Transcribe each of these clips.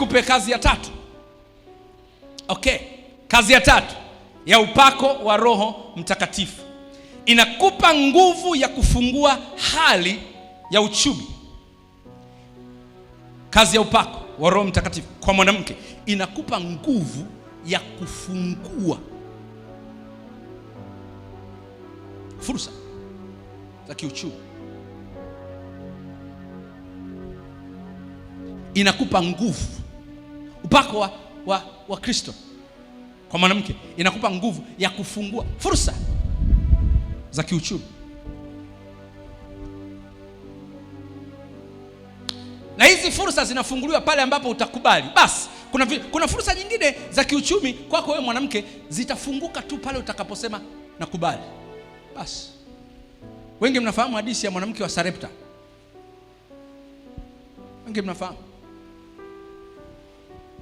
nikupe kazi ya tatu. Okay, kazi ya tatu ya upako wa Roho Mtakatifu inakupa nguvu ya kufungua hali ya uchumi. Kazi ya upako wa Roho Mtakatifu kwa mwanamke inakupa nguvu ya kufungua fursa za kiuchumi, inakupa nguvu upako wa, wa, wa Kristo kwa mwanamke inakupa nguvu ya kufungua fursa za kiuchumi. Na hizi fursa zinafunguliwa pale ambapo utakubali. Basi kuna, kuna fursa nyingine za kiuchumi kwako wewe mwanamke zitafunguka tu pale utakaposema nakubali. Basi wengi mnafahamu hadithi ya mwanamke wa Sarepta, wengi mnafahamu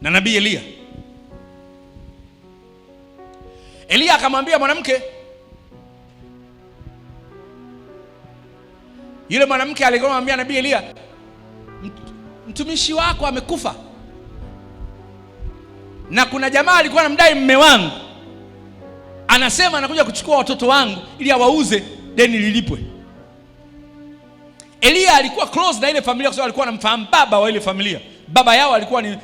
na nabii Eliya. Eliya akamwambia mwanamke yule, mwanamke alikuwa nabii Eliya, mtumishi wako amekufa, na kuna jamaa alikuwa anamdai mme wangu, anasema anakuja kuchukua watoto wangu ili awauze deni lilipwe. Eliya alikuwa close na ile familia, kwa sababu alikuwa anamfahamu baba wa ile familia. Baba yao alikuwa ni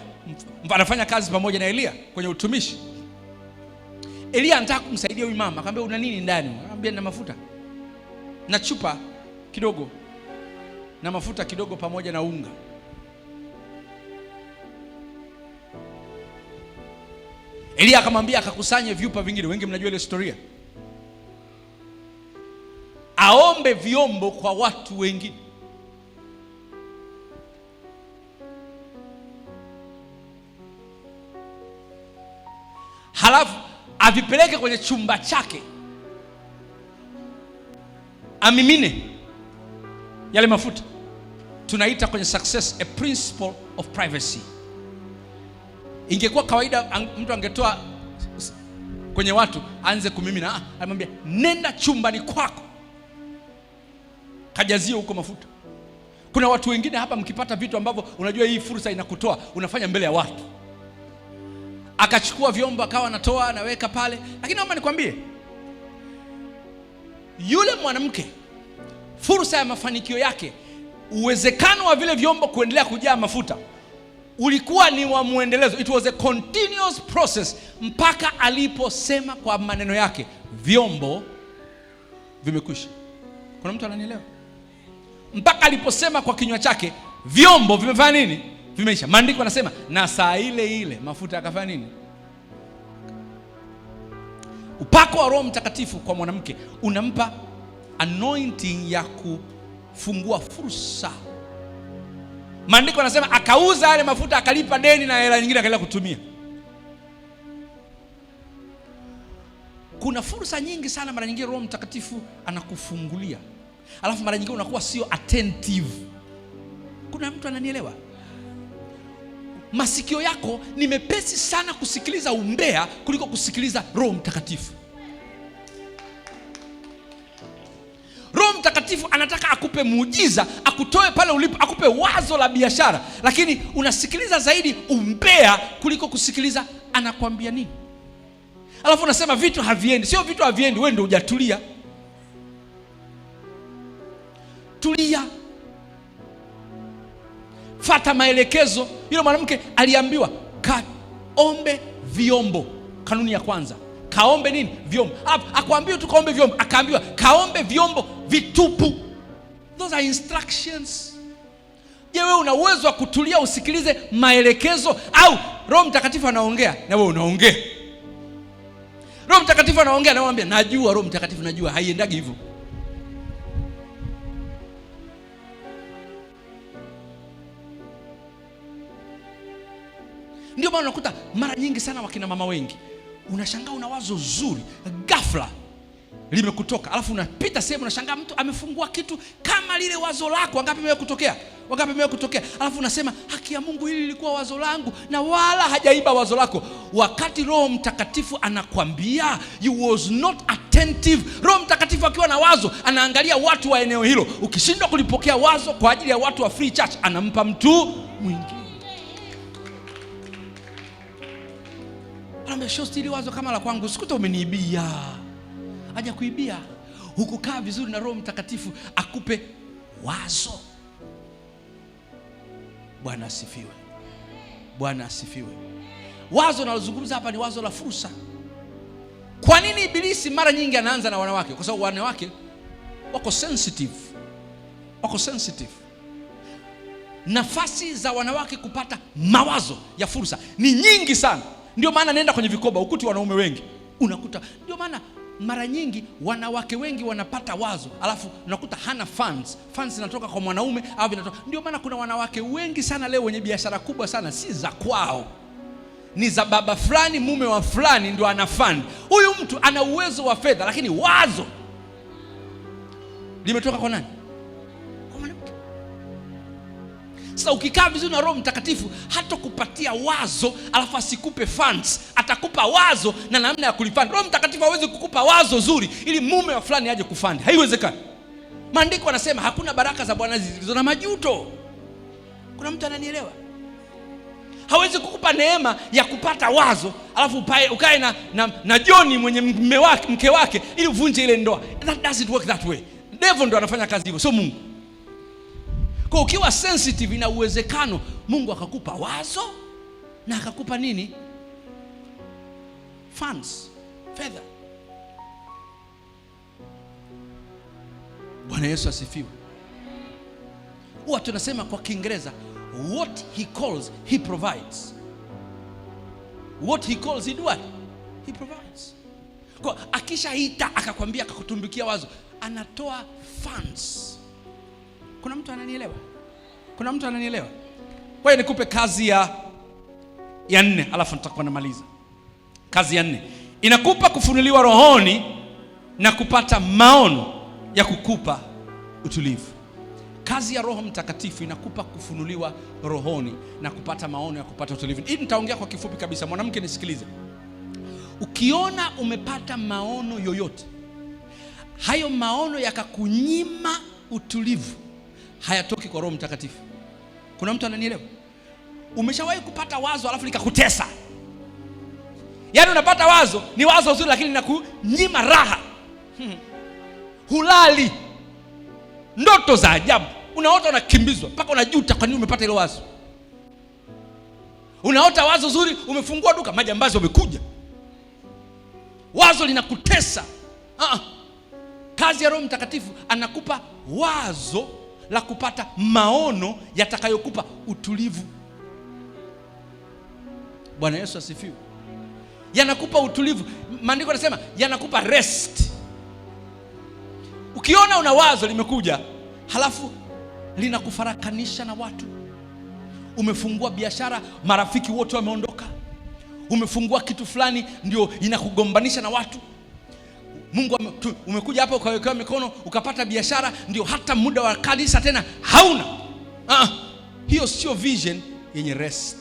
anafanya kazi pamoja na Elia kwenye utumishi. Elia anataka kumsaidia huyu mama, akamwambia una nini ndani? Akamwambia na mafuta na chupa kidogo na mafuta kidogo pamoja na unga. Elia akamwambia akakusanye vyupa vingine, wengi mnajua ile historia, aombe vyombo kwa watu wengine. avipeleke kwenye chumba chake, amimine yale mafuta. Tunaita kwenye success a principle of privacy. Ingekuwa kawaida mtu angetoa kwenye watu aanze kumimina, amwambia ah, nenda chumbani kwako kajazie huko mafuta. Kuna watu wengine hapa mkipata vitu ambavyo unajua hii fursa inakutoa, unafanya mbele ya watu akachukua vyombo akawa anatoa anaweka pale. Lakini naomba nikwambie, yule mwanamke, fursa ya mafanikio yake, uwezekano wa vile vyombo kuendelea kujaa mafuta ulikuwa ni wa mwendelezo, it was a continuous process mpaka aliposema kwa maneno yake, vyombo vimekwisha. Kuna mtu ananielewa? Mpaka aliposema kwa kinywa chake, vyombo vimefanya nini? Vimeisha. Maandiko anasema na saa ile ile mafuta akafanya nini? Upako wa Roho Mtakatifu kwa mwanamke unampa anointing ya kufungua fursa. Maandiko anasema akauza yale mafuta akalipa deni na hela nyingine akaenda kutumia. Kuna fursa nyingi sana, mara nyingine Roho Mtakatifu anakufungulia, alafu mara nyingine unakuwa sio attentive. Kuna mtu ananielewa? masikio yako ni mepesi sana kusikiliza umbea kuliko kusikiliza Roho Mtakatifu. Roho Mtakatifu anataka akupe muujiza, akutoe pale ulipo, akupe wazo la biashara, lakini unasikiliza zaidi umbea kuliko kusikiliza anakwambia nini. Alafu unasema vitu haviendi. Sio vitu haviendi, wewe ndio hujatulia. Tulia, fata maelekezo yule mwanamke aliambiwa kaombe vyombo, kanuni ya kwanza kaombe nini? Vyombo. Akwambiwa tu kaombe vyombo, akaambiwa kaombe vyombo vitupu. Those are instructions. Je, wewe una uwezo wa kutulia usikilize maelekezo, au Roho Mtakatifu anaongea na wewe unaongea? Roho Mtakatifu anaongea na wewe, ambia najua, Roho Mtakatifu najua, haiendagi hivyo. Ndio maana unakuta mara nyingi sana wakina mama wengi unashangaa una wazo zuri, ghafla limekutoka, alafu unapita sehemu unashangaa mtu amefungua kitu kama lile wazo lako. Wangapi mewe kutokea? Wangapi mewe kutokea? Alafu unasema haki ya Mungu, hili lilikuwa wazo langu, na wala hajaiba wazo lako, wakati Roho Mtakatifu anakwambia you was not attentive. Roho Mtakatifu akiwa na wazo anaangalia watu wa eneo hilo. Ukishindwa kulipokea wazo kwa ajili ya watu wa Free Church, anampa mtu mwingine. ili wazo kama la kwangu, sikuta umeniibia. Haja kuibia, hukukaa vizuri na Roho Mtakatifu akupe wazo. Bwana asifiwe, Bwana asifiwe. Wazo nalozungumza hapa ni wazo la fursa. Kwa nini Ibilisi mara nyingi anaanza na wanawake? Kwa sababu wanawake wako sensitive, wako sensitive. Nafasi za wanawake kupata mawazo ya fursa ni nyingi sana. Ndio maana nenda kwenye vikoba ukuti wanaume wengi unakuta. Ndio maana mara nyingi wanawake wengi wanapata wazo, alafu unakuta hana fans. Fans zinatoka kwa mwanaume au vinatoka Ndio maana kuna wanawake wengi sana leo wenye biashara kubwa sana, si za kwao ni za baba fulani, mume wa fulani ndio ana fund. Huyu mtu ana uwezo wa fedha, lakini wazo limetoka kwa nani? Sasa ukikaa vizuri na Roho Mtakatifu hatakupatia wazo alafu asikupe funds, atakupa wazo na namna ya kulifanya. Roho Mtakatifu hawezi kukupa wazo zuri ili mume wa fulani aje kufandi, haiwezekani. Maandiko anasema hakuna baraka za Bwana zilizo na majuto. Kuna mtu ananielewa? Hawezi kukupa neema ya kupata wazo alafu ukae na, na, na Joni mwenye wake, mke wake ili uvunje ile ndoa. That doesn't work that way. Devil ndo anafanya kazi hivyo, sio Mungu. Kwa ukiwa sensitive, na uwezekano Mungu akakupa wazo na akakupa nini, funds, fedha. Bwana Yesu asifiwe. Huwa tunasema kwa Kiingereza, what he calls he provides, what he calls he do what he provides. Kwa akishaita akakwambia akakutumbikia wazo, anatoa funds kuna mtu ananielewa? Kuna mtu ananielewa? Kwa hiyo nikupe kazi ya ya nne, alafu nitakuwa namaliza. Kazi ya nne inakupa kufunuliwa rohoni na kupata maono ya kukupa utulivu. Kazi ya Roho Mtakatifu inakupa kufunuliwa rohoni na kupata maono ya kupata utulivu. Hii nitaongea kwa kifupi kabisa. Mwanamke, nisikilize. Ukiona umepata maono yoyote, hayo maono yakakunyima utulivu, hayatoki kwa Roho Mtakatifu. Kuna mtu ananielewa? Umeshawahi kupata wazo alafu likakutesa? Yaani unapata wazo, ni wazo zuri, lakini linakunyima raha hmm. Hulali, ndoto za ajabu unaota, unakimbizwa mpaka unajuta kwa nini umepata hilo wazo. Unaota wazo zuri, umefungua duka, majambazi wamekuja, wazo linakutesa. Ah, kazi ya Roho Mtakatifu anakupa wazo la kupata maono yatakayokupa utulivu. Bwana Yesu asifiwe. Yanakupa utulivu, maandiko yanasema yanakupa rest. Ukiona una wazo limekuja halafu linakufarakanisha na watu, umefungua biashara, marafiki wote wameondoka, umefungua kitu fulani, ndio inakugombanisha na watu Mungu umekuja hapa ukawekewa mikono ukapata biashara, ndio hata muda wa kanisa tena hauna. Ah, hiyo sio vision yenye rest.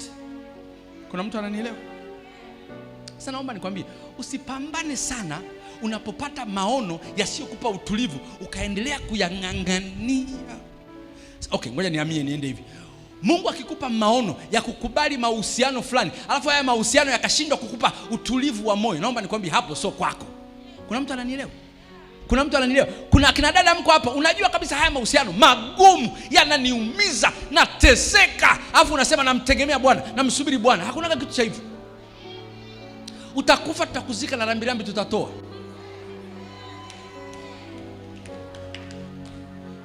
Kuna mtu ananielewa? Sasa naomba nikwambie, usipambane sana unapopata maono yasiyokupa utulivu ukaendelea kuyang'ang'ania. Okay, ngoja niamie niende hivi. Mungu akikupa maono ya kukubali mahusiano fulani, alafu haya mahusiano yakashindwa kukupa utulivu wa moyo, naomba nikwambie hapo sio kwako. Kuna mtu ananielewa? Kuna mtu ananielewa? Kuna akina dada mko hapa, unajua kabisa haya mahusiano magumu yananiumiza, nateseka, alafu unasema namtegemea Bwana, namsubiri Bwana. Hakuna kitu cha hivyo. Utakufa, tutakuzika na rambirambi tutatoa.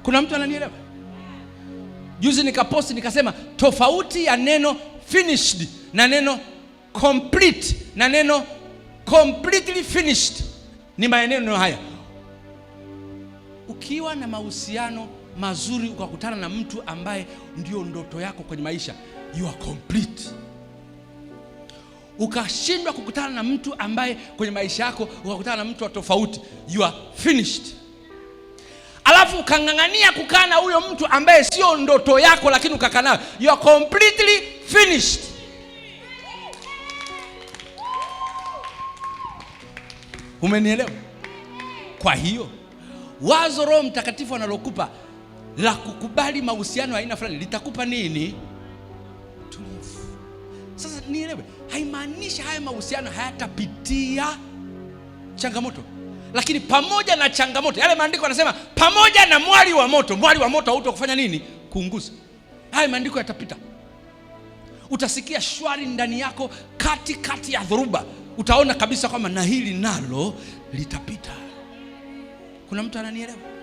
Kuna mtu ananielewa? Juzi nikaposti nikasema, tofauti ya neno finished na neno complete na neno completely finished ni maeneo haya. Ukiwa na mahusiano mazuri ukakutana na mtu ambaye ndio ndoto yako kwenye maisha, you are complete. Ukashindwa kukutana na mtu ambaye kwenye maisha yako ukakutana na mtu wa tofauti, you are finished. Alafu ukang'ang'ania kukaa na huyo mtu ambaye sio ndoto yako, lakini ukakaa nayo, you are completely finished. Umenielewa? Kwa hiyo wazo Roho Mtakatifu analokupa la kukubali mahusiano ya aina fulani litakupa nini? Tulivu. Sasa nielewe, haimaanishi haya mahusiano hayatapitia changamoto, lakini pamoja na changamoto, yale maandiko yanasema pamoja na mwali wa moto, mwali wa moto kufanya nini? Kuunguza. Haya maandiko yatapita, utasikia shwari ndani yako katikati kati ya dhoruba utaona kabisa kwamba na hili nalo litapita. Kuna mtu ananielewa?